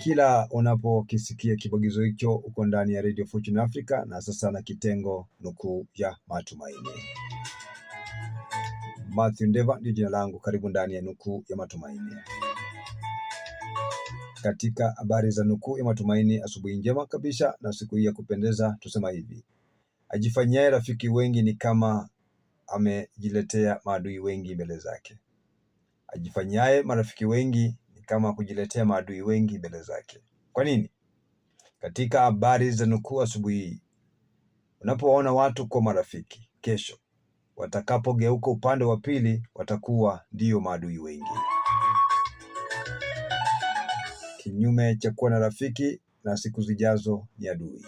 Kila unapokisikia kibagizo hicho, uko ndani ya Radio Fortune Africa, na sasa na kitengo nukuu ya matumaini. Mathew Ndeva ndio jina langu, karibu ndani ya nukuu ya matumaini. Katika habari za nukuu ya matumaini, asubuhi njema kabisa na siku hii ya kupendeza, tusema hivi: ajifanyaye rafiki wengi ni kama amejiletea maadui wengi mbele zake. Ajifanyaye marafiki wengi kama kujiletea maadui wengi mbele zake. Kwa nini? Katika habari za nukuu asubuhi hii, watu kuwa marafiki, kesho watakapogeuka upande wa pili, watakuwa ndio maadui wengi. Kinyume cha kuwa na rafiki, na siku zijazo ni adui.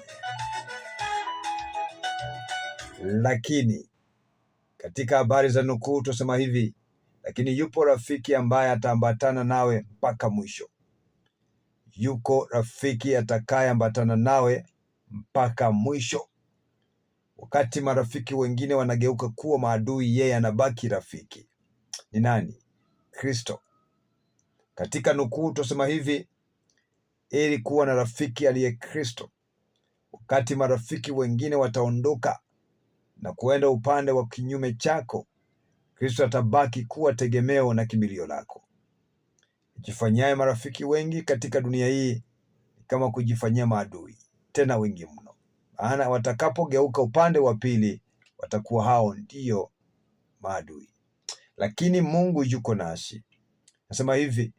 Lakini katika habari za nukuu tunasema hivi, lakini yupo rafiki ambaye ataambatana nawe mpaka mwisho. Yuko rafiki atakayeambatana nawe mpaka mwisho. Wakati marafiki wengine wanageuka kuwa maadui, yeye anabaki rafiki. Ni nani? Kristo. Katika nukuu tunasema hivi, ili kuwa na rafiki aliye Kristo. Wakati marafiki wengine wataondoka na kuenda upande wa kinyume chako, Kristo atabaki kuwa tegemeo na kimbilio lako. Jifanyaye marafiki wengi katika dunia hii ni kama kujifanyia maadui, tena wengi mno, maana watakapogeuka upande wa pili watakuwa hao ndio maadui. Lakini Mungu yuko nasi, nasema hivi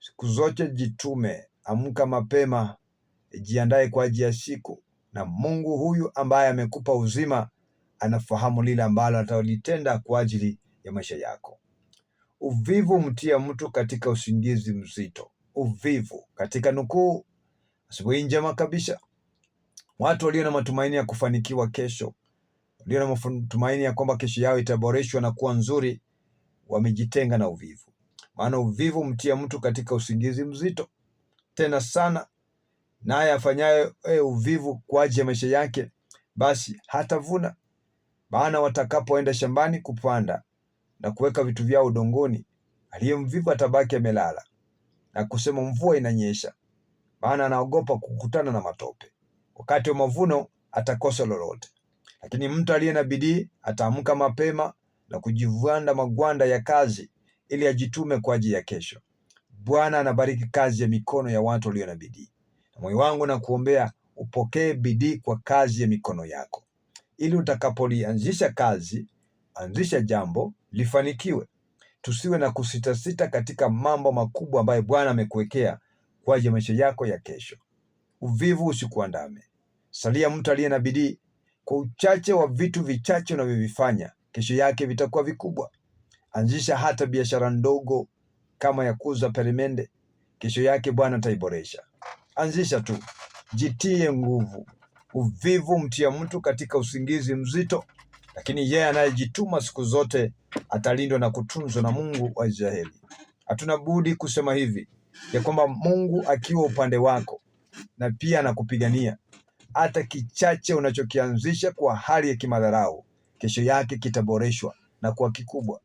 siku zote jitume, amka mapema, jiandae kwa ajili ya siku, na Mungu huyu ambaye amekupa uzima anafahamu lile ambalo atalitenda kwa ajili ya maisha yako. Uvivu mtia mtu katika usingizi mzito. Uvivu katika nukuu, asubuhi njema kabisa. Watu walio na matumaini ya kufanikiwa kesho, walio na matumaini ya kwamba kesho yao itaboreshwa na kuwa nzuri, wamejitenga na uvivu, maana uvivu mtia mtu katika usingizi mzito tena sana, naye afanyaye e, uvivu kwa ajili ya maisha yake, basi hatavuna, maana watakapoenda shambani kupanda na kuweka vitu vyao udongoni, aliye mvivu atabaki amelala na kusema mvua inanyesha, maana anaogopa kukutana na matope. Wakati wa mavuno atakosa lolote, lakini mtu aliye na bidii ataamka mapema na kujivanda magwanda ya kazi ili ajitume kwa ajili ya kesho. Bwana anabariki kazi ya mikono ya watu walio na bidii. Na moyo wangu na kuombea upokee bidii kwa kazi ya mikono yako, ili utakapolianzisha kazi, anzisha jambo, lifanikiwe. Tusiwe na kusitasita katika mambo makubwa ambayo Bwana amekuwekea kwa ajili ya maisha yako ya kesho. Uvivu usikuandame, salia mtu aliye na bidii. Kwa uchache wa vitu vichache unavyovifanya, kesho yake vitakuwa vikubwa. Anzisha hata biashara ndogo kama ya kuuza peremende, kesho yake Bwana ataiboresha. Anzisha tu, jitie nguvu. Uvivu mtia mtu katika usingizi mzito lakini yeye anayejituma siku zote atalindwa na kutunzwa na Mungu wa Israeli. Hatuna budi kusema hivi ya kwamba Mungu akiwa upande wako na pia anakupigania, hata kichache unachokianzisha kwa hali ya kimadharau, kesho yake kitaboreshwa na kuwa kikubwa.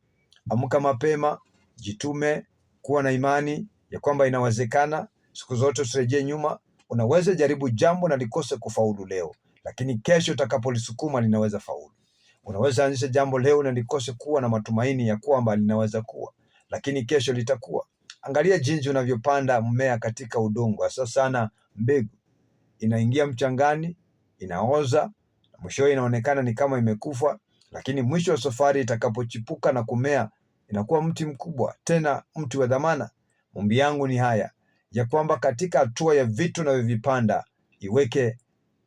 Amka mapema, jitume, kuwa na imani ya kwamba inawezekana. Siku zote usirejee nyuma. Unaweza jaribu jambo na likose kufaulu leo, lakini kesho utakapolisukuma linaweza faulu. Unaweza anzisha jambo leo na likose kuwa na matumaini ya kwamba linaweza kuwa, lakini kesho litakuwa. Angalia jinsi unavyopanda mmea katika udongo, hasa sana mbegu. Inaingia mchangani, inaoza, mwishowe inaonekana ni kama imekufa, lakini mwisho wa safari itakapochipuka na kumea, inakuwa mti mkubwa, tena mti wa dhamana. Ombi yangu ni haya ya kwamba katika hatua ya vitu unavyovipanda, iweke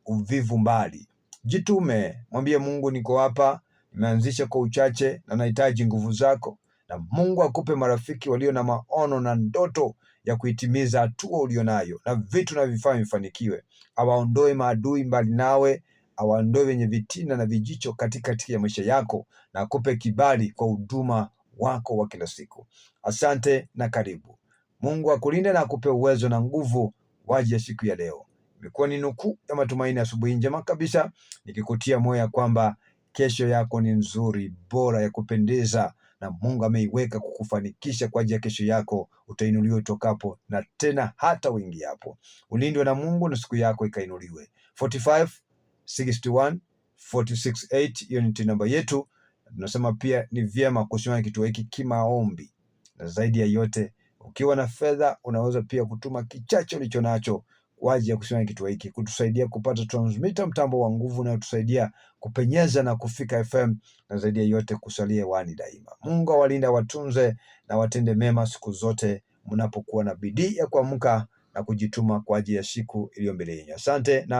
uvivu mbali. Jitume, mwambie Mungu, niko hapa, nimeanzisha kwa uchache na nahitaji nguvu zako, na Mungu akupe marafiki walio na maono na ndoto ya kuitimiza hatua ulionayo na vitu na vifaa vifanikiwe. Awaondoe maadui mbali nawe, awaondoe wenye vitina na vijicho katikati ya maisha yako, na akupe kibali kwa huduma wako wa kila siku. Asante na karibu. Mungu akulinde na akupe uwezo na nguvu waji ya siku ya leo. Imekuwa ni nukuu ya matumaini. Asubuhi njema kabisa, nikikutia moyo kwamba kesho yako ni nzuri, bora, ya kupendeza, na Mungu ameiweka kukufanikisha kwa ajili ya kesho yako. Utainuliwa utokapo na tena hata uingiapo. Ulindwe na Mungu na siku yako ikainuliwe. 45 61 468 hiyo ni namba yetu. Tunasema pia ni vyema kusimama kituo hiki kimaombi, na zaidi ya yote, ukiwa na fedha unaweza pia kutuma kichache ulicho nacho waje kusema kituo hiki kutusaidia kupata transmitter, mtambo wa nguvu unaotusaidia kupenyeza na kufika FM na zaidi ya yote kusalia wani daima. Mungu awalinde, watunze na watende mema siku zote mnapokuwa na bidii ya kuamka na kujituma kwa ajili ya siku iliyo mbele yenu. Asante na